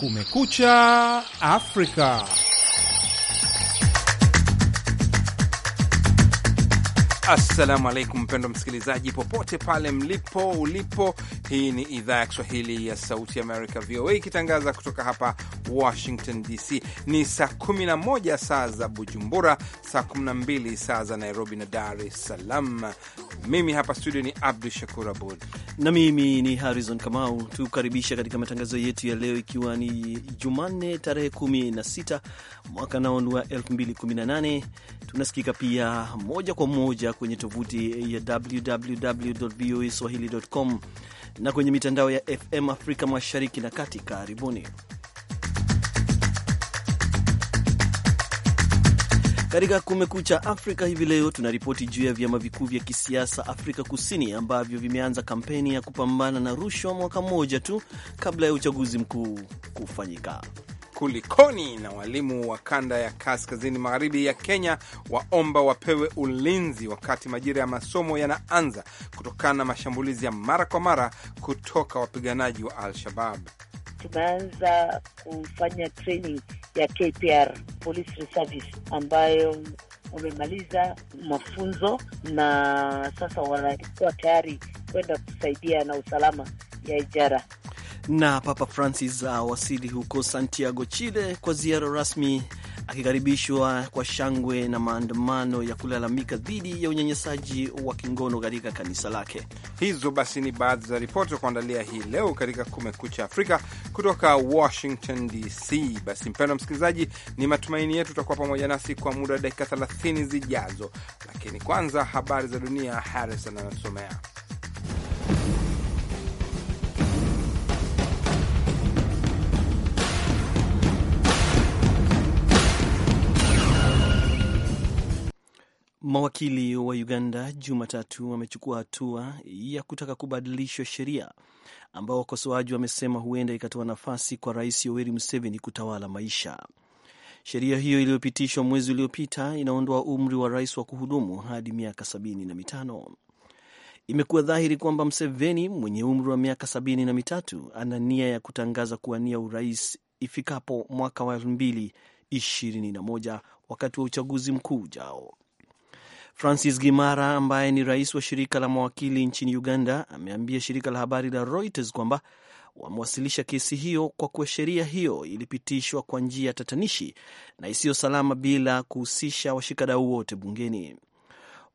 Kumekucha Afrika. Assalamu alaikum, mpendo msikilizaji, popote pale mlipo ulipo. Hii ni idhaa ya Kiswahili ya Sauti ya Amerika, VOA, ikitangaza kutoka hapa Washington DC. Ni saa 11 saa za Bujumbura, saa 12 saa za Nairobi na Dar es Salaam. Mimi hapa studio ni Abdu Shakur Abud na mimi ni Harrison Kamau, tukaribisha katika matangazo yetu ya leo, ikiwa ni Jumanne tarehe 16 mwaka ni wa 2018. Tunasikika pia moja kwa moja kwenye tovuti ya www voa swahili.com na kwenye mitandao ya FM Afrika mashariki na kati. Karibuni. Katika Kumekucha Afrika hivi leo tuna ripoti juu ya vyama vikuu vya kisiasa Afrika Kusini ambavyo vimeanza kampeni ya kupambana na rushwa mwaka mmoja tu kabla ya uchaguzi mkuu kufanyika. Kulikoni na walimu wa kanda ya kaskazini magharibi ya Kenya waomba wapewe ulinzi wakati majira ya masomo yanaanza kutokana na mashambulizi ya mara kwa mara kutoka wapiganaji wa Al-Shabab tumeanza kufanya training ya KPR Police Reservice ambayo wamemaliza mafunzo na sasa wanakuwa tayari kwenda kusaidia na usalama ya ijara. Na Papa Francis awasili uh, huko Santiago, Chile kwa ziara rasmi akikaribishwa kwa shangwe na maandamano ya kulalamika dhidi ya unyanyasaji wa kingono katika kanisa lake. Hizo basi ni baadhi za ripoti za kuandalia hii leo katika Kumekucha Afrika kutoka Washington DC. Basi mpendwa msikilizaji, ni matumaini yetu utakuwa pamoja nasi kwa muda wa dakika 30 zijazo, lakini kwanza habari za dunia, Harrison anasomea. Mawakili wa Uganda Jumatatu wamechukua hatua ya kutaka kubadilishwa sheria ambao wakosoaji wamesema huenda ikatoa nafasi kwa Rais Yoweri Museveni kutawala maisha. Sheria hiyo iliyopitishwa mwezi uliopita inaondoa umri wa rais wa kuhudumu hadi miaka sabini na mitano. Imekuwa dhahiri kwamba mseveni mwenye umri wa miaka sabini na mitatu ana nia ya kutangaza kuwania urais ifikapo mwaka wa elfu mbili ishirini na moja wakati wa uchaguzi mkuu ujao. Francis Gimara ambaye ni rais wa shirika la mawakili nchini Uganda ameambia shirika la habari la Reuters kwamba wamewasilisha kesi hiyo kwa kuwa sheria hiyo ilipitishwa kwa njia tatanishi na isiyo salama bila kuhusisha washikadau wote bungeni.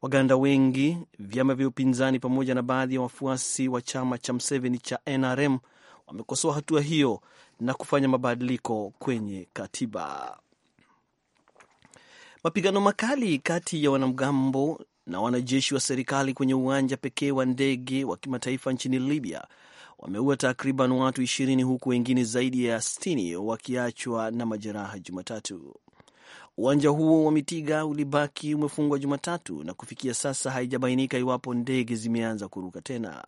Waganda wengi, vyama vya upinzani, pamoja na baadhi ya wafuasi wa chama cha Mseveni cha NRM wamekosoa hatua hiyo na kufanya mabadiliko kwenye katiba. Mapigano makali kati ya wanamgambo na wanajeshi wa serikali kwenye uwanja pekee wa ndege wa kimataifa nchini Libya wameua takriban watu ishirini huku wengine zaidi ya sitini wakiachwa na majeraha Jumatatu. Uwanja huo wa Mitiga ulibaki umefungwa Jumatatu na kufikia sasa haijabainika iwapo ndege zimeanza kuruka tena.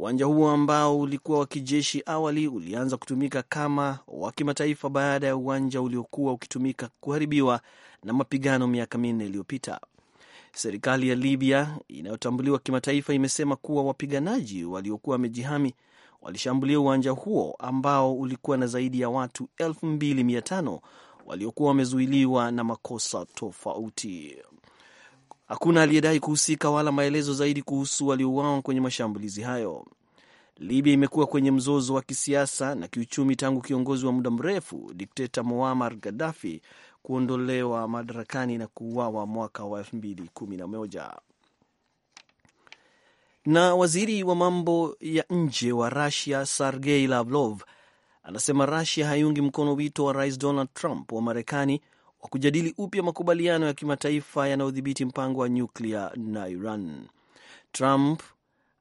Uwanja huo ambao ulikuwa wa kijeshi awali ulianza kutumika kama wa kimataifa baada ya uwanja uliokuwa ukitumika kuharibiwa na mapigano miaka minne iliyopita. Serikali ya Libya inayotambuliwa kimataifa imesema kuwa wapiganaji waliokuwa wamejihami walishambulia uwanja huo ambao ulikuwa na zaidi ya watu 2500 waliokuwa wamezuiliwa na makosa tofauti. Hakuna aliyedai kuhusika wala maelezo zaidi kuhusu waliouawa kwenye mashambulizi hayo. Libya imekuwa kwenye mzozo wa kisiasa na kiuchumi tangu kiongozi wa muda mrefu dikteta Muammar Gaddafi kuondolewa madarakani na kuuawa mwaka wa 2011. Na waziri wa mambo ya nje wa rasia Sergei Lavrov anasema rasia haiungi mkono wito wa Rais Donald Trump wa Marekani wa kujadili upya makubaliano ya kimataifa yanayodhibiti mpango wa nyuklia na Iran. Trump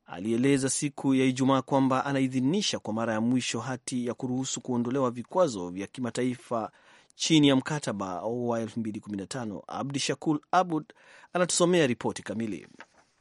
alieleza siku ya Ijumaa kwamba anaidhinisha kwa mara ya mwisho hati ya kuruhusu kuondolewa vikwazo vya kimataifa chini ya mkataba wa 2015. Abdi Shakul Abud anatusomea ripoti kamili.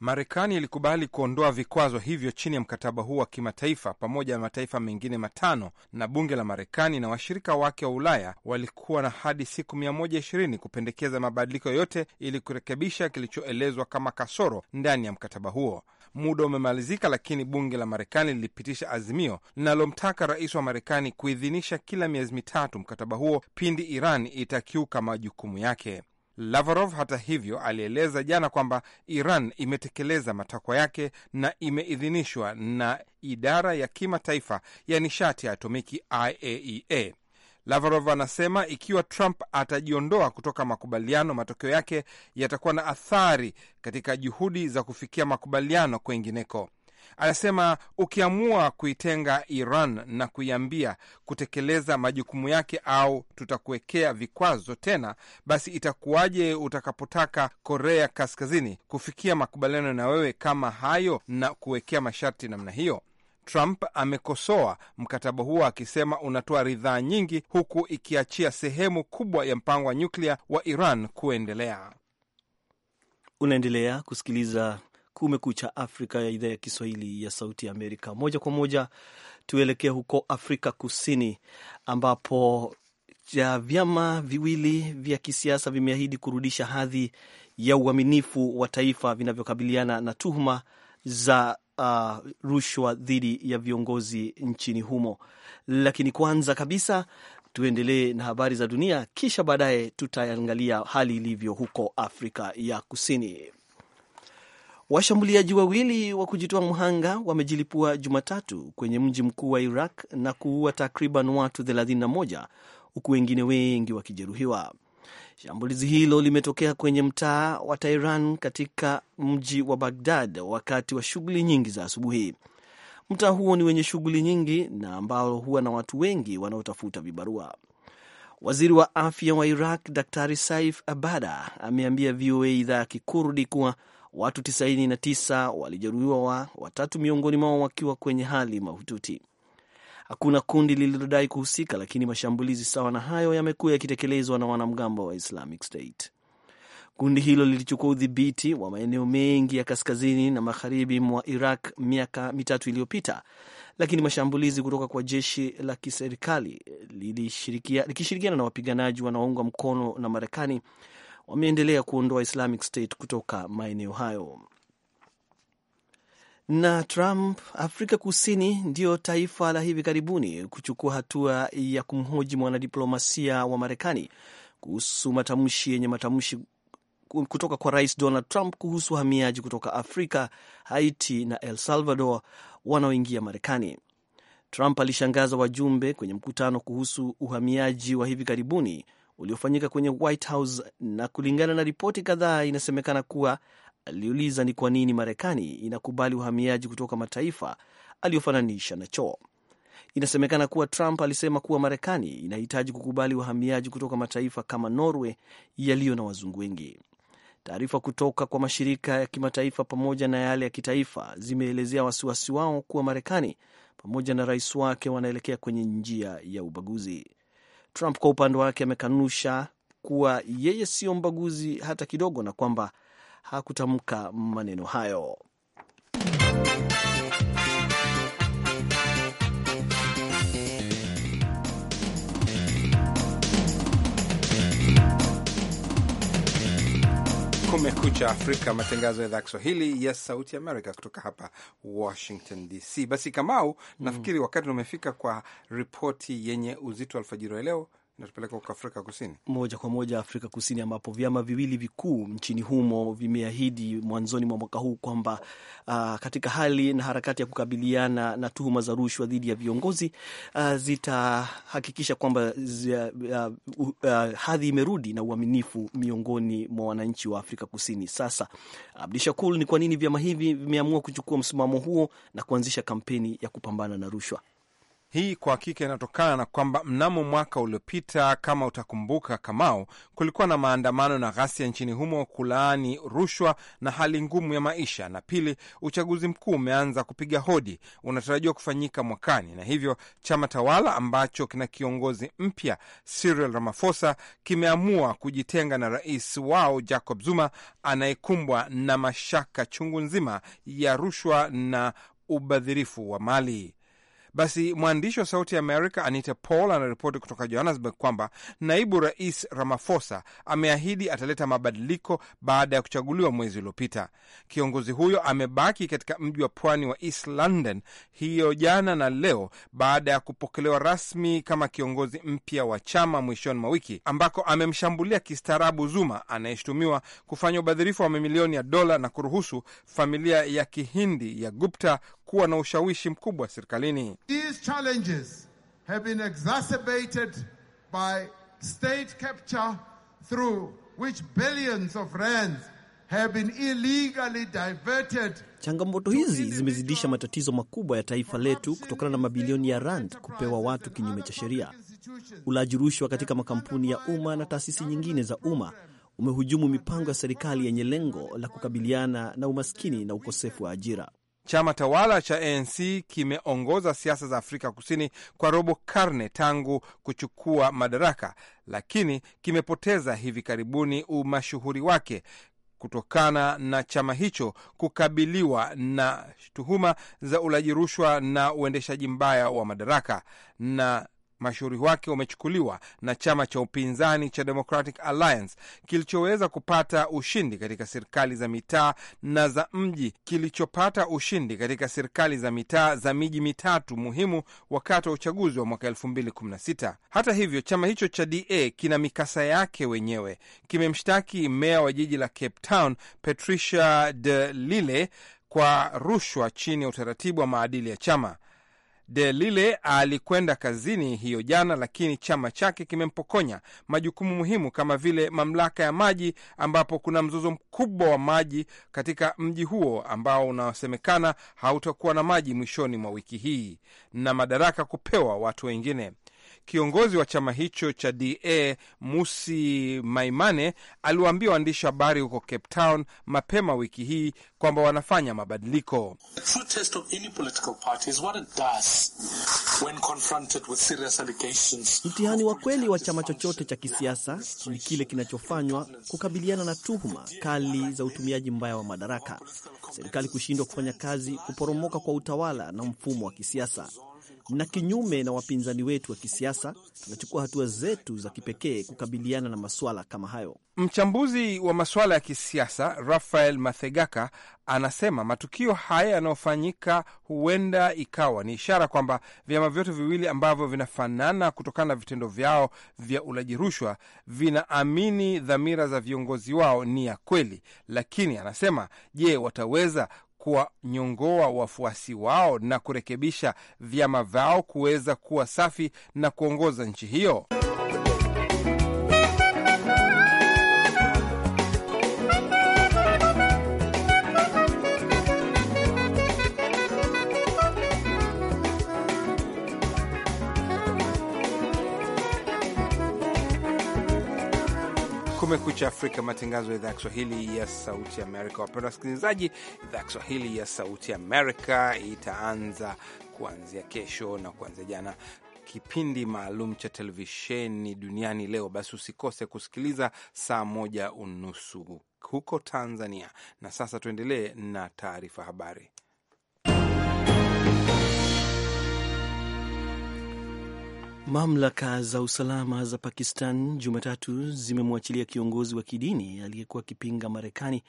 Marekani ilikubali kuondoa vikwazo hivyo chini ya mkataba huu wa kimataifa pamoja na mataifa mengine matano, na bunge la Marekani na washirika wake wa Ulaya walikuwa na hadi siku 120 kupendekeza mabadiliko yote ili kurekebisha kilichoelezwa kama kasoro ndani ya mkataba huo. Muda umemalizika, lakini bunge la Marekani lilipitisha azimio linalomtaka rais wa Marekani kuidhinisha kila miezi mitatu mkataba huo pindi Iran itakiuka majukumu yake. Lavrov hata hivyo alieleza jana kwamba Iran imetekeleza matakwa yake na imeidhinishwa na idara ya kimataifa ya nishati ya atomiki IAEA. E Lavrov anasema ikiwa Trump atajiondoa kutoka makubaliano, matokeo yake yatakuwa na athari katika juhudi za kufikia makubaliano kwengineko. Anasema ukiamua kuitenga Iran na kuiambia kutekeleza majukumu yake au tutakuwekea vikwazo tena, basi itakuwaje utakapotaka Korea Kaskazini kufikia makubaliano na wewe kama hayo na kuwekea masharti namna hiyo? Trump amekosoa mkataba huo akisema unatoa ridhaa nyingi huku ikiachia sehemu kubwa ya mpango wa nyuklia wa Iran kuendelea. Unaendelea kusikiliza Kumekucha Afrika ya idhaa ya Kiswahili ya Sauti ya Amerika. Moja kwa moja tuelekee huko Afrika Kusini ambapo ya vyama viwili vya kisiasa vimeahidi kurudisha hadhi ya uaminifu wa taifa vinavyokabiliana na tuhuma za uh, rushwa dhidi ya viongozi nchini humo. Lakini kwanza kabisa tuendelee na habari za dunia, kisha baadaye tutaangalia hali ilivyo huko Afrika ya Kusini. Washambuliaji wawili wa kujitoa mhanga wamejilipua Jumatatu kwenye mji mkuu wa Iraq na kuua takriban watu 31 huku wengine wengi wakijeruhiwa. Shambulizi hilo limetokea kwenye mtaa wa Tehran katika mji wa Bagdad wakati wa shughuli nyingi za asubuhi. Mtaa huo ni wenye shughuli nyingi na ambao huwa na watu wengi wanaotafuta vibarua. Waziri wa afya wa Iraq Daktari Saif Abada ameambia VOA idhaa ya Kikurdi kuwa Watu 99 walijeruhiwa, watatu miongoni mwao wakiwa kwenye hali mahututi. Hakuna kundi lililodai kuhusika, lakini mashambulizi sawa na hayo yamekuwa yakitekelezwa na wanamgambo wa Islamic State. Kundi hilo lilichukua udhibiti wa maeneo mengi ya kaskazini na magharibi mwa Iraq miaka mitatu iliyopita, lakini mashambulizi kutoka kwa jeshi la kiserikali likishirikiana na wapiganaji wanaoungwa mkono na Marekani wameendelea kuondoa Islamic State kutoka maeneo hayo. Na Trump, Afrika Kusini ndiyo taifa la hivi karibuni kuchukua hatua ya kumhoji mwanadiplomasia wa Marekani kuhusu matamshi yenye matamshi kutoka kwa Rais Donald Trump kuhusu wahamiaji kutoka Afrika, Haiti na El Salvador wanaoingia Marekani. Trump alishangaza wajumbe kwenye mkutano kuhusu uhamiaji wa hivi karibuni uliofanyika kwenye White House, na kulingana na ripoti kadhaa inasemekana kuwa aliuliza ni kwa nini Marekani inakubali uhamiaji kutoka mataifa aliyofananisha na choo. Inasemekana kuwa Trump alisema kuwa Marekani inahitaji kukubali wahamiaji kutoka mataifa kama Norway yaliyo na wazungu wengi. Taarifa kutoka kwa mashirika ya kimataifa pamoja na yale ya kitaifa zimeelezea wasiwasi wao kuwa Marekani pamoja na rais wake wanaelekea kwenye njia ya ubaguzi. Trump kwa upande wake amekanusha kuwa yeye sio mbaguzi hata kidogo, na kwamba hakutamka maneno hayo. Kumekucha Afrika, matangazo ya idhaa Kiswahili ya Sauti Amerika kutoka hapa Washington DC. Basi Kamau, mm. nafikiri wakati umefika kwa ripoti yenye uzito alfajiri wa leo inatupeleka huko Afrika Kusini, moja kwa moja Afrika Kusini, ambapo vyama viwili vikuu nchini humo vimeahidi mwanzoni mwa mwaka huu kwamba uh, katika hali na harakati ya kukabiliana na tuhuma za rushwa dhidi ya viongozi uh, zitahakikisha kwamba zia, uh, uh, hadhi imerudi na uaminifu miongoni mwa wananchi wa Afrika Kusini. Sasa Abdishakur, ni kwa nini vyama hivi vimeamua kuchukua msimamo huo na kuanzisha kampeni ya kupambana na rushwa? Hii kwa hakika inatokana na kwamba mnamo mwaka uliopita, kama utakumbuka, Kamao, kulikuwa na maandamano na ghasia nchini humo kulaani rushwa na hali ngumu ya maisha, na pili, uchaguzi mkuu umeanza kupiga hodi, unatarajiwa kufanyika mwakani, na hivyo chama tawala ambacho kina kiongozi mpya Cyril Ramaphosa kimeamua kujitenga na rais wao Jacob Zuma anayekumbwa na mashaka chungu nzima ya rushwa na ubadhirifu wa mali. Basi mwandishi wa Sauti ya Amerika Anita Paul anaripoti kutoka Johannesburg kwamba naibu rais Ramaphosa ameahidi ataleta mabadiliko baada ya kuchaguliwa mwezi uliopita. Kiongozi huyo amebaki katika mji wa pwani wa East London hiyo jana na leo baada ya kupokelewa rasmi kama kiongozi mpya wa chama mwishoni mwa wiki, ambako amemshambulia kistaarabu Zuma anayeshutumiwa kufanya ubadhirifu wa mamilioni ya dola na kuruhusu familia ya Kihindi ya Gupta kuwa na ushawishi mkubwa serikalini. These challenges have been exacerbated by state capture through which billions of rands have been illegally diverted. Changamoto hizi zimezidisha matatizo makubwa ya taifa letu kutokana na mabilioni ya rand kupewa watu kinyume cha sheria. Ulaji rushwa katika makampuni ya umma na taasisi nyingine za umma umehujumu mipango ya serikali yenye lengo la kukabiliana na umaskini na ukosefu wa ajira. Chama tawala cha ANC kimeongoza siasa za Afrika Kusini kwa robo karne tangu kuchukua madaraka, lakini kimepoteza hivi karibuni umashuhuri wake kutokana na chama hicho kukabiliwa na tuhuma za ulaji rushwa na uendeshaji mbaya wa madaraka na mashauri wake wamechukuliwa na chama cha upinzani cha Democratic Alliance kilichoweza kupata ushindi katika serikali za mitaa na za mji, kilichopata ushindi katika serikali za mitaa za miji mitatu muhimu wakati wa uchaguzi wa mwaka 2016. Hata hivyo, chama hicho cha DA kina mikasa yake wenyewe. Kimemshtaki meya wa jiji la Cape Town Patricia de Lille kwa rushwa chini ya utaratibu wa maadili ya chama. Delile alikwenda kazini hiyo jana, lakini chama chake kimempokonya majukumu muhimu kama vile mamlaka ya maji, ambapo kuna mzozo mkubwa wa maji katika mji huo ambao unasemekana hautakuwa na maji mwishoni mwa wiki hii, na madaraka kupewa watu wengine. Kiongozi wa chama hicho cha DA Musi Maimane aliwaambia waandishi habari huko Cape Town mapema wiki hii kwamba wanafanya mabadiliko. Mtihani wa kweli wa chama chochote cha kisiasa ni kile kinachofanywa kukabiliana na tuhuma kali za utumiaji mbaya wa madaraka, serikali kushindwa kufanya kazi, kuporomoka kwa utawala na mfumo wa kisiasa na kinyume na wapinzani wetu wa kisiasa, tunachukua hatua zetu za kipekee kukabiliana na maswala kama hayo. Mchambuzi wa masuala ya kisiasa Rafael Mathegaka anasema matukio haya yanayofanyika huenda ikawa ni ishara kwamba vyama vyote viwili ambavyo vinafanana kutokana na vitendo vyao vya ulaji rushwa vinaamini dhamira za viongozi wao ni ya kweli, lakini anasema je, wataweza kuwanyongoa wafuasi wao na kurekebisha vyama vyao kuweza kuwa safi na kuongoza nchi hiyo. Kumekucha Afrika, matangazo ya idhaa ya Kiswahili ya Sauti Amerika. Wapenda wasikilizaji, idhaa ya Kiswahili ya Sauti Amerika itaanza kuanzia kesho na kuanzia jana kipindi maalum cha televisheni duniani leo. Basi usikose kusikiliza saa moja unusu huko Tanzania. Na sasa tuendelee na taarifa habari. Mamlaka za usalama za Pakistan Jumatatu zimemwachilia kiongozi wa kidini aliyekuwa akipinga Marekani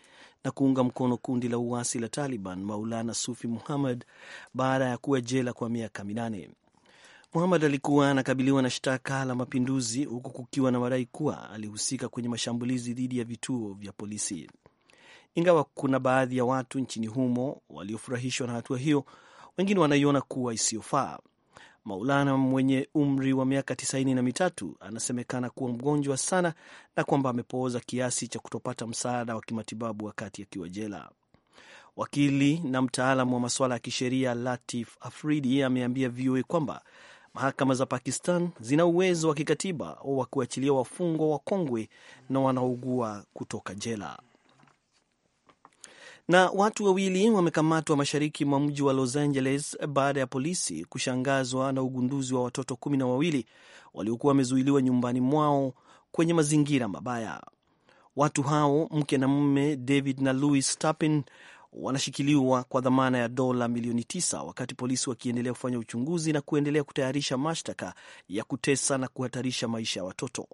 na kuunga mkono kundi la uasi la Taliban, Maulana Sufi Muhammad, baada ya kuwa jela kwa miaka minane. Muhammad alikuwa anakabiliwa na shtaka la mapinduzi, huku kukiwa na madai kuwa alihusika kwenye mashambulizi dhidi ya vituo vya polisi. Ingawa kuna baadhi ya watu nchini humo waliofurahishwa na hatua hiyo, wengine wanaiona kuwa isiyofaa. Maulana mwenye umri wa miaka tisaini na mitatu anasemekana kuwa mgonjwa sana na kwamba amepooza kiasi cha kutopata msaada wa kimatibabu wakati akiwa jela. Wakili na mtaalamu wa masuala ya kisheria Latif Afridi ameambia VOA kwamba mahakama za Pakistan zina uwezo wa kikatiba wa kuachilia wafungwa wakongwe na wanaougua kutoka jela na watu wawili wamekamatwa mashariki mwa mji wa Los Angeles baada ya polisi kushangazwa na ugunduzi wa watoto kumi na wawili waliokuwa wamezuiliwa nyumbani mwao kwenye mazingira mabaya. Watu hao mke na mume David na Louis Tapin wanashikiliwa kwa dhamana ya dola milioni tisa wakati polisi wakiendelea kufanya uchunguzi na kuendelea kutayarisha mashtaka ya kutesa na kuhatarisha maisha ya watoto.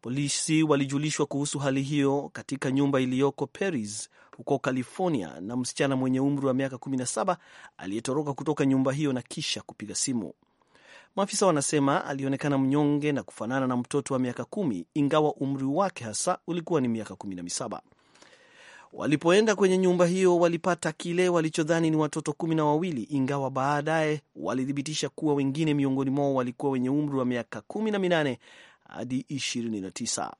Polisi walijulishwa kuhusu hali hiyo katika nyumba iliyoko Paris huko California na msichana mwenye umri wa miaka 17 aliyetoroka kutoka nyumba hiyo na kisha kupiga simu. Maafisa wanasema alionekana mnyonge na kufanana na mtoto wa miaka kumi ingawa umri wake hasa ulikuwa ni miaka misaba Walipoenda kwenye nyumba hiyo walipata kile walichodhani ni watoto kumi na wawili ingawa baadaye walithibitisha kuwa wengine miongoni mwao walikuwa wenye umri wa miaka kumi na minane hadi ishirini na tisa.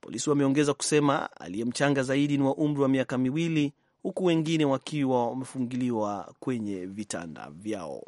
Polisi wameongeza kusema aliye mchanga zaidi ni wa umri wa miaka miwili, huku wengine wakiwa wamefungiliwa kwenye vitanda vyao.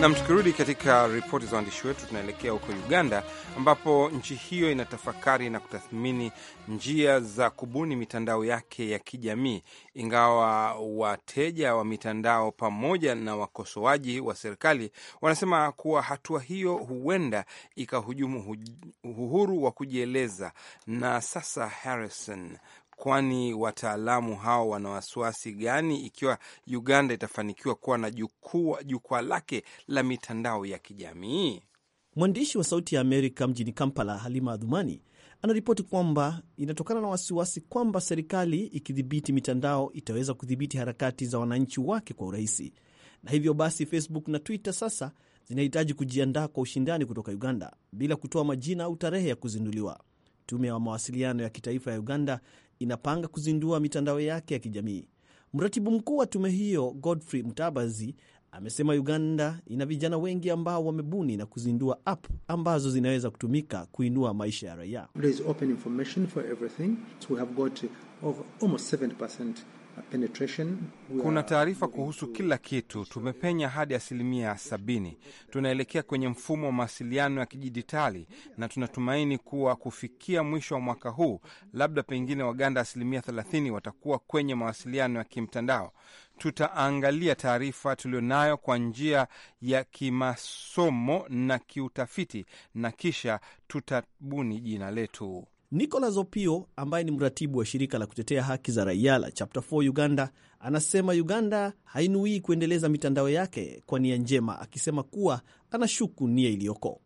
Nam, tukirudi katika ripoti za waandishi wetu, tunaelekea huko Uganda ambapo nchi hiyo inatafakari na kutathmini njia za kubuni mitandao yake ya kijamii, ingawa wateja wa mitandao pamoja na wakosoaji wa serikali wanasema kuwa hatua hiyo huenda ikahujumu uhuru wa kujieleza. Na sasa Harrison kwani wataalamu hao wana wasiwasi gani ikiwa Uganda itafanikiwa kuwa na jukwaa lake la mitandao ya kijamii? Mwandishi wa Sauti ya Amerika mjini Kampala, Halima Adhumani anaripoti kwamba inatokana na wasiwasi kwamba serikali ikidhibiti mitandao itaweza kudhibiti harakati za wananchi wake kwa urahisi, na hivyo basi Facebook na Twitter sasa zinahitaji kujiandaa kwa ushindani kutoka Uganda bila kutoa majina au tarehe ya kuzinduliwa. Tume ya mawasiliano ya kitaifa ya Uganda inapanga kuzindua mitandao yake ya kijamii. Mratibu mkuu wa tume hiyo Godfrey Mutabazi amesema Uganda ina vijana wengi ambao wamebuni na kuzindua app ambazo zinaweza kutumika kuinua maisha ya raia. Kuna taarifa kuhusu kila kitu. Tumepenya hadi asilimia sabini. Tunaelekea kwenye mfumo wa mawasiliano ya kidijitali na tunatumaini kuwa kufikia mwisho wa mwaka huu, labda pengine Waganda asilimia thelathini watakuwa kwenye mawasiliano ya kimtandao. Tutaangalia taarifa tuliyonayo kwa njia ya kimasomo na kiutafiti na kisha tutabuni jina letu. Nicolas Opio ambaye ni mratibu wa shirika la kutetea haki za raia la Chapter 4 Uganda anasema Uganda hainuii kuendeleza mitandao yake kwa nia njema, akisema kuwa anashuku nia iliyoko.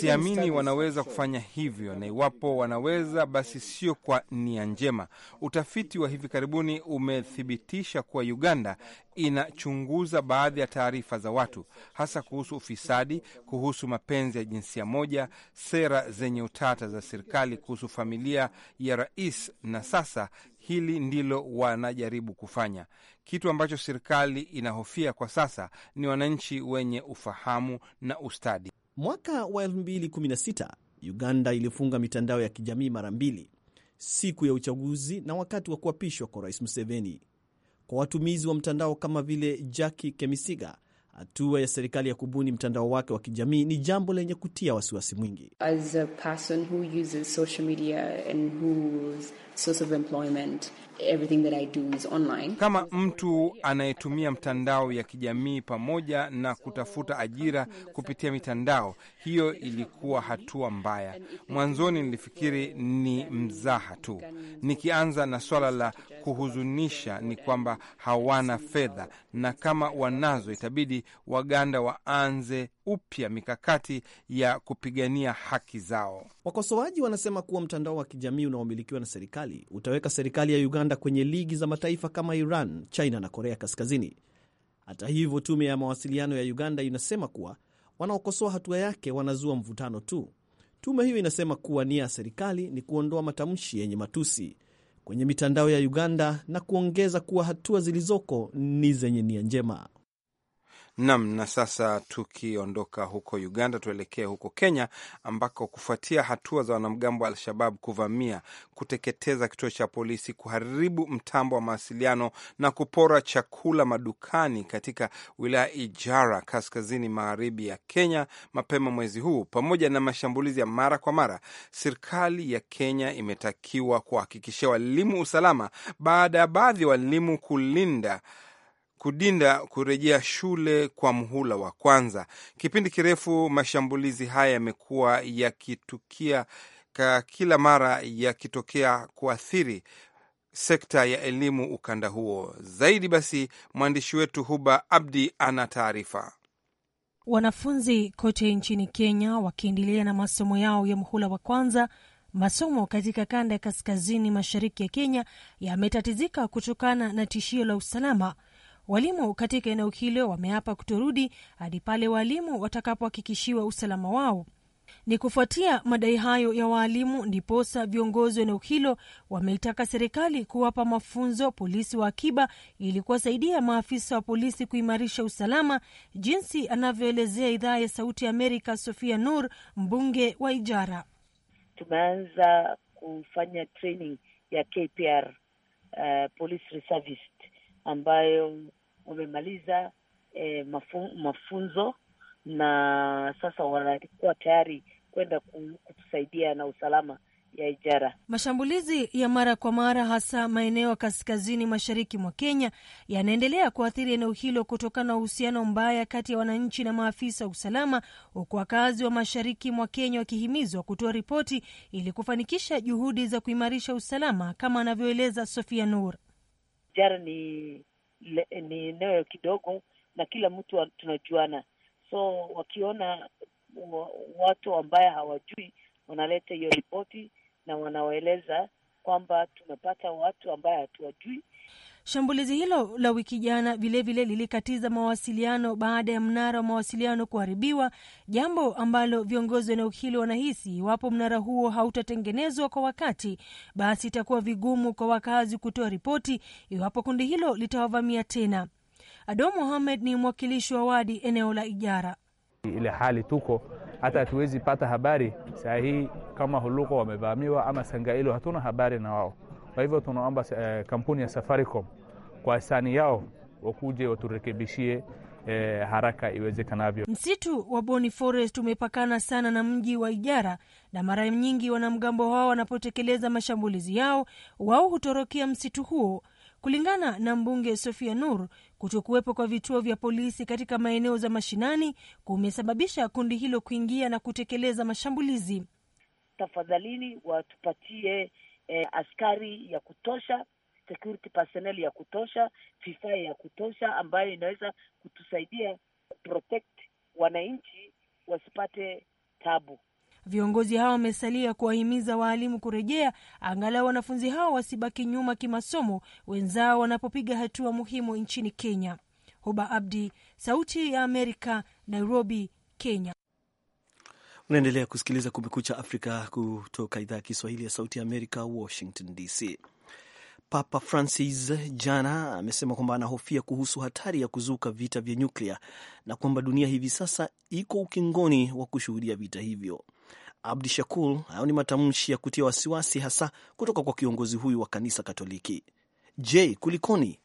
Siamini wanaweza kufanya hivyo, na iwapo wanaweza, basi sio kwa nia njema. Utafiti wa hivi karibuni umethibitisha kuwa Uganda inachunguza baadhi ya taarifa za watu, hasa kuhusu ufisadi, kuhusu mapenzi ya jinsia moja, sera zenye utata za serikali kuhusu familia ya rais, na sasa hili ndilo wanajaribu kufanya. Kitu ambacho serikali inahofia kwa sasa ni wananchi wenye ufahamu na ustadi. Mwaka wa 2016 Uganda ilifunga mitandao ya kijamii mara mbili, siku ya uchaguzi na wakati wa kuapishwa kwa Rais Museveni. Kwa watumizi wa mtandao kama vile Jackie Kemisiga, hatua ya serikali ya kubuni mtandao wake wa kijamii ni jambo lenye kutia wasiwasi mwingi. As a person who uses social media and who's source of employment. Everything that I do is online. Kama mtu anayetumia mtandao ya kijamii pamoja na kutafuta ajira kupitia mitandao hiyo, ilikuwa hatua mbaya. Mwanzoni nilifikiri ni mzaha tu. Nikianza na swala la kuhuzunisha, ni kwamba hawana fedha, na kama wanazo itabidi Waganda waanze upya mikakati ya kupigania haki zao. Wakosoaji wanasema kuwa mtandao wa kijamii unaomilikiwa na serikali utaweka serikali ya Uganda kwenye ligi za mataifa kama Iran, China na Korea Kaskazini. Hata hivyo, tume ya mawasiliano ya Uganda inasema kuwa wanaokosoa hatua yake wanazua mvutano tu. Tume hiyo inasema kuwa nia ya serikali ni kuondoa matamshi yenye matusi kwenye mitandao ya Uganda na kuongeza kuwa hatua zilizoko ni zenye nia njema. Nam. Na sasa tukiondoka huko Uganda, tuelekee huko Kenya, ambako kufuatia hatua za wanamgambo wa Al-Shabab kuvamia, kuteketeza kituo cha polisi, kuharibu mtambo wa mawasiliano na kupora chakula madukani katika wilaya Ijara, kaskazini magharibi ya Kenya mapema mwezi huu, pamoja na mashambulizi ya mara kwa mara, serikali ya Kenya imetakiwa kuhakikishia walimu usalama baada ya baadhi ya walimu kulinda kudinda kurejea shule kwa mhula wa kwanza. Kipindi kirefu mashambulizi haya yamekuwa yakitukia ka kila mara yakitokea kuathiri sekta ya elimu ukanda huo zaidi. Basi mwandishi wetu Huba Abdi ana taarifa. Wanafunzi kote nchini Kenya wakiendelea na masomo yao ya mhula wa kwanza, masomo katika kanda ya kaskazini mashariki ya Kenya yametatizika kutokana na tishio la usalama Walimu katika eneo hilo wameapa kutorudi hadi pale walimu watakapohakikishiwa usalama wao. Ni kufuatia madai hayo ya waalimu, ndiposa viongozi wa eneo hilo wameitaka serikali kuwapa mafunzo polisi wa akiba ili kuwasaidia maafisa wa polisi kuimarisha usalama, jinsi anavyoelezea idhaa ya Sauti ya Amerika Sofia Nur, mbunge wa Ijara. Tumeanza kufanya training ya KPR, uh, police reservist ambayo wamemaliza e, mafu, mafunzo na sasa wanakuwa tayari kwenda kutusaidia na usalama ya ijara. Mashambulizi ya mara kwa mara hasa maeneo ya kaskazini mashariki mwa Kenya yanaendelea kuathiri eneo hilo kutokana na uhusiano mbaya kati ya wananchi na maafisa wa usalama, huku wakazi wa mashariki mwa Kenya wakihimizwa kutoa ripoti ili kufanikisha juhudi za kuimarisha usalama, kama anavyoeleza Sofia Nur. Jara ni ni eneo kidogo, na kila mtu wa, tunajuana, so wakiona watu ambaye hawajui wanaleta hiyo ripoti na wanawaeleza kwamba tumepata watu ambaye hatuwajui Shambulizi hilo la wiki jana vilevile lilikatiza mawasiliano baada ya mnara wa mawasiliano kuharibiwa, jambo ambalo viongozi wa eneo hili wanahisi iwapo mnara huo hautatengenezwa kwa wakati, basi itakuwa vigumu kwa wakazi kutoa ripoti iwapo kundi hilo litawavamia tena. Ado Mohamed ni mwakilishi wa wadi eneo la Ijara. Ile hali tuko hata hatuwezi pata habari sahihi kama Huluko wamevamiwa ama Sangailo, hatuna habari na wao kwa hivyo tunaomba eh, kampuni ya Safaricom kwa hisani yao wakuje waturekebishie eh, haraka iwezekanavyo. Msitu wa Boni Forest umepakana sana na mji wa Ijara, na mara nyingi wanamgambo hao wanapotekeleza mashambulizi yao, wao hutorokea msitu huo. Kulingana na mbunge Sofia Nur, kutokuwepo kwa vituo vya polisi katika maeneo za mashinani kumesababisha kundi hilo kuingia na kutekeleza mashambulizi. Tafadhalini watupatie eh, askari ya kutosha, security personnel ya kutosha, vifaa ya kutosha ambayo inaweza kutusaidia protect wananchi wasipate tabu. Viongozi hao wamesalia kuwahimiza waalimu kurejea, angalau wanafunzi hao wasibaki nyuma kimasomo wenzao wanapopiga hatua muhimu nchini Kenya. Huba Abdi, Sauti ya Amerika, Nairobi, Kenya. Unaendelea kusikiliza Kumekucha Afrika kutoka idhaa ya Kiswahili ya Sauti ya Amerika, Washington DC. Papa Francis jana amesema kwamba anahofia kuhusu hatari ya kuzuka vita vya nyuklia na kwamba dunia hivi sasa iko ukingoni wa kushuhudia vita hivyo. Abdi Shakur, hayo ni matamshi ya kutia wasiwasi, hasa kutoka kwa kiongozi huyu wa kanisa Katoliki. Je, kulikoni?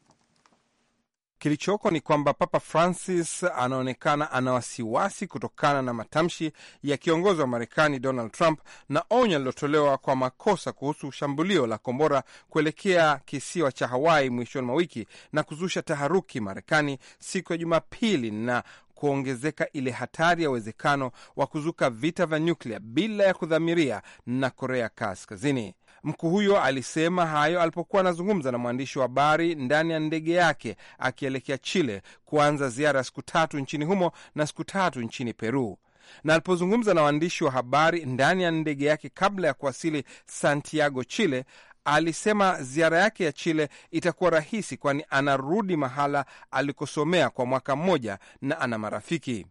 Kilichoko ni kwamba Papa Francis anaonekana ana wasiwasi kutokana na matamshi ya kiongozi wa Marekani Donald Trump na onya lilotolewa kwa makosa kuhusu shambulio la kombora kuelekea kisiwa cha Hawaii mwishoni mwa wiki na kuzusha taharuki Marekani siku ya Jumapili na kuongezeka ile hatari ya uwezekano wa kuzuka vita vya nyuklia bila ya kudhamiria na Korea Kaskazini. Mkuu huyo alisema hayo alipokuwa anazungumza na mwandishi wa habari ndani ya ndege yake akielekea Chile kuanza ziara ya siku tatu nchini humo na siku tatu nchini Peru na alipozungumza na waandishi wa habari ndani ya ndege yake kabla ya kuwasili Santiago, Chile, alisema ziara yake ya Chile itakuwa rahisi, kwani anarudi mahala alikosomea kwa mwaka mmoja na ana marafiki.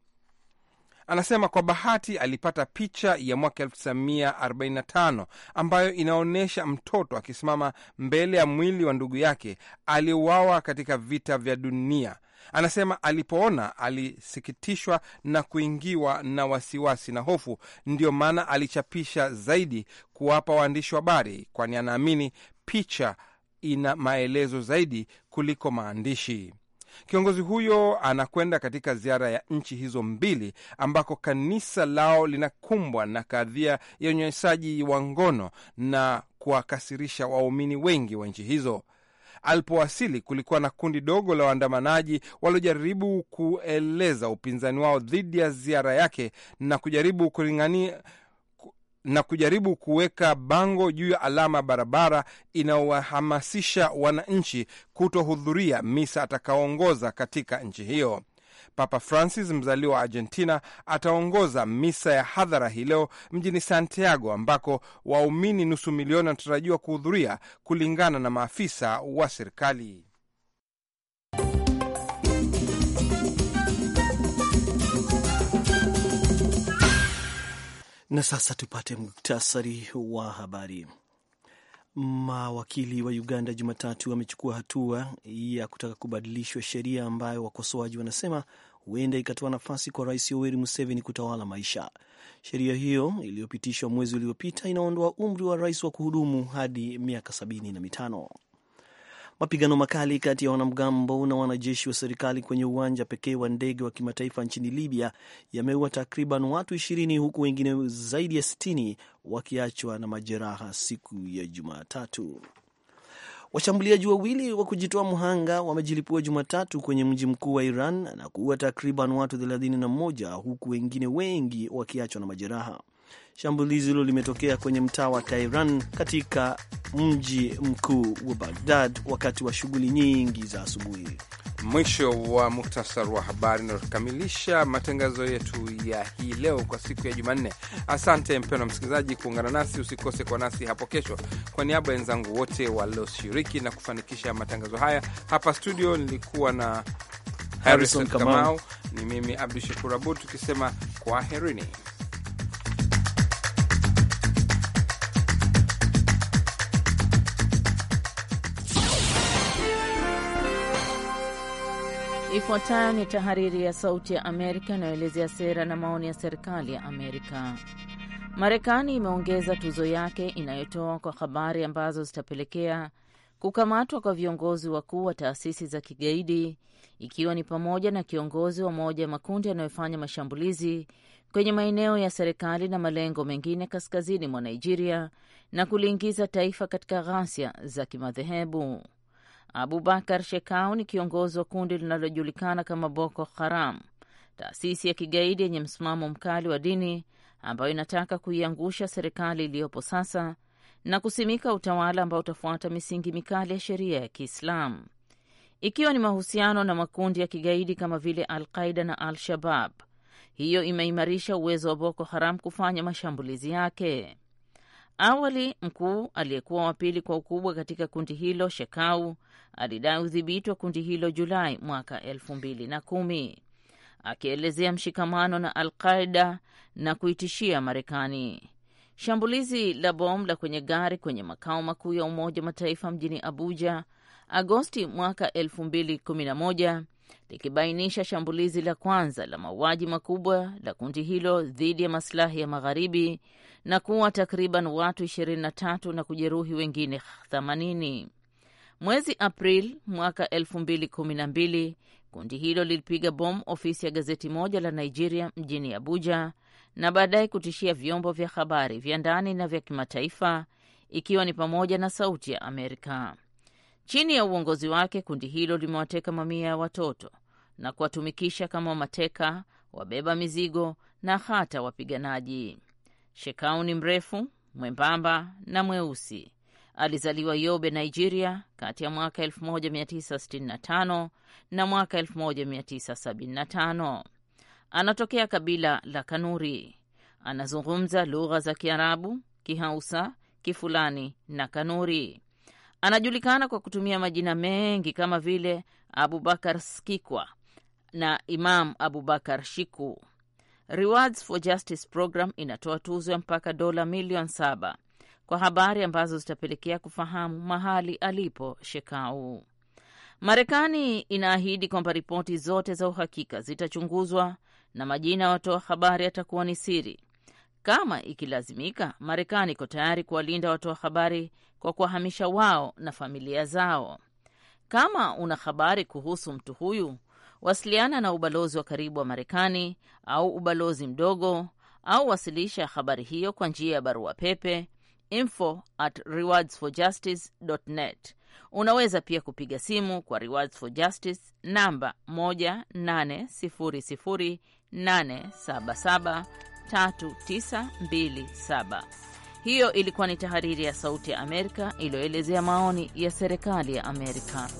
Anasema kwa bahati alipata picha ya mwaka 1945 ambayo inaonyesha mtoto akisimama mbele ya mwili wa ndugu yake aliyeuawa katika vita vya dunia. Anasema alipoona alisikitishwa na kuingiwa na wasiwasi na hofu, ndiyo maana alichapisha zaidi kuwapa waandishi wa habari, kwani anaamini picha ina maelezo zaidi kuliko maandishi. Kiongozi huyo anakwenda katika ziara ya nchi hizo mbili ambako kanisa lao linakumbwa na kadhia ya unyanyasaji wa ngono na kuwakasirisha waumini wengi wa nchi hizo. Alipowasili kulikuwa na kundi dogo la waandamanaji waliojaribu kueleza upinzani wao dhidi ya ziara yake na kujaribu kulingania na kujaribu kuweka bango juu ya alama barabara inayowahamasisha wananchi kutohudhuria misa atakaoongoza katika nchi hiyo. Papa Francis mzaliwa wa Argentina ataongoza misa ya hadhara hii leo mjini Santiago, ambako waumini nusu milioni wanatarajiwa kuhudhuria kulingana na maafisa wa serikali. Na sasa tupate muktasari wa habari. Mawakili wa Uganda Jumatatu wamechukua hatua ya kutaka kubadilishwa sheria ambayo wakosoaji wanasema huenda ikatoa nafasi kwa Rais Yoweri Museveni kutawala maisha. Sheria hiyo iliyopitishwa mwezi uliopita inaondoa umri wa rais wa kuhudumu hadi miaka sabini na mitano. Mapigano makali kati ya wanamgambo na wanajeshi wa serikali kwenye uwanja pekee wa ndege wa kimataifa nchini Libya yameua takriban watu ishirini huku wengine zaidi ya sitini wakiachwa na majeraha siku ya Jumatatu. Washambuliaji wawili wa kujitoa mhanga wamejilipua Jumatatu kwenye mji mkuu wa Iran na kuua takriban watu 31 huku wengine wengi wakiachwa na majeraha. Shambulizi hilo limetokea kwenye mtaa wa Tehran katika mji mkuu wa bagdad wakati wa shughuli nyingi za asubuhi. Mwisho wa muktasar wa habari unaokamilisha matangazo yetu ya hii leo kwa siku ya Jumanne. Asante mpendwa msikilizaji kuungana nasi, usikose kwa nasi hapo kesho. Kwa niaba ya wenzangu wote walioshiriki na kufanikisha matangazo haya hapa studio, nilikuwa na Harrison Kamau, ni mimi Abdu Shakur Abud tukisema kwaherini. Ifuatayo ni tahariri ya Sauti ya Amerika inayoelezea sera na maoni ya serikali ya Amerika. Marekani imeongeza tuzo yake inayotoa kwa habari ambazo zitapelekea kukamatwa kwa viongozi wakuu wa taasisi za kigaidi ikiwa ni pamoja na kiongozi wa moja ya makundi yanayofanya mashambulizi kwenye maeneo ya serikali na malengo mengine kaskazini mwa Nigeria na kuliingiza taifa katika ghasia za kimadhehebu. Abubakar Shekau ni kiongozi wa kundi linalojulikana kama Boko Haram, taasisi ya kigaidi yenye msimamo mkali wa dini ambayo inataka kuiangusha serikali iliyopo sasa na kusimika utawala ambao utafuata misingi mikali ya sheria ya Kiislamu, ikiwa ni mahusiano na makundi ya kigaidi kama vile Al-Qaida na Al-Shabab. Hiyo imeimarisha uwezo wa Boko Haram kufanya mashambulizi yake. Awali mkuu aliyekuwa wa pili kwa ukubwa katika kundi hilo Shekau alidai udhibiti wa kundi hilo Julai mwaka elfu mbili na kumi akielezea mshikamano na Alqaida na kuitishia Marekani. Shambulizi la bomu la kwenye gari kwenye makao makuu ya Umoja wa Mataifa mjini Abuja Agosti mwaka elfu mbili kumi na moja likibainisha shambulizi la kwanza la mauaji makubwa la kundi hilo dhidi ya masilahi ya magharibi na kuwa takriban watu 23 na kujeruhi wengine 80. Mwezi Aprili mwaka 2012 kundi hilo lilipiga bomu ofisi ya gazeti moja la Nigeria mjini Abuja na baadaye kutishia vyombo vya habari vya ndani na vya kimataifa ikiwa ni pamoja na Sauti ya Amerika. Chini ya uongozi wake, kundi hilo limewateka mamia ya watoto na kuwatumikisha kama mateka, wabeba mizigo na hata wapiganaji. Shekau ni mrefu, mwembamba na mweusi. Alizaliwa Yobe, Nigeria, kati ya mwaka 1965 na mwaka 1975. Anatokea kabila la Kanuri. Anazungumza lugha za Kiarabu, Kihausa, Kifulani na Kanuri. Anajulikana kwa kutumia majina mengi kama vile Abubakar Skikwa na Imam Abubakar Shiku. Rewards for Justice program inatoa tuzo ya mpaka dola milioni saba kwa habari ambazo zitapelekea kufahamu mahali alipo Shekau. Marekani inaahidi kwamba ripoti zote za uhakika zitachunguzwa na majina ya watoa habari yatakuwa ni siri kama ikilazimika, Marekani iko tayari kuwalinda watu wa habari kwa kuwahamisha wao na familia zao. Kama una habari kuhusu mtu huyu, wasiliana na ubalozi wa karibu wa Marekani au ubalozi mdogo, au wasilisha habari hiyo kwa njia ya barua pepe info at rewardsforjustice.net. Unaweza pia kupiga simu kwa Rewards for Justice namba 1800877 3927. Hiyo ilikuwa ni tahariri ya Sauti ya Amerika iliyoelezea maoni ya serikali ya Amerika.